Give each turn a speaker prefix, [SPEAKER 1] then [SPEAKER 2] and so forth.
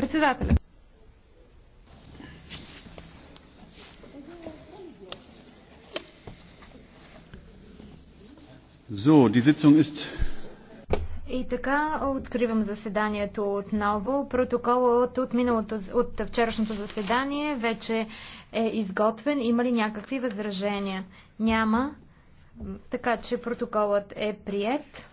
[SPEAKER 1] Председателя.
[SPEAKER 2] So, die Sitzung ist
[SPEAKER 3] и така откривам заседанието отново. Протоколът от, миналото, от вчерашното заседание вече е изготвен. Има ли някакви възражения? Няма. Така че протоколът е прият.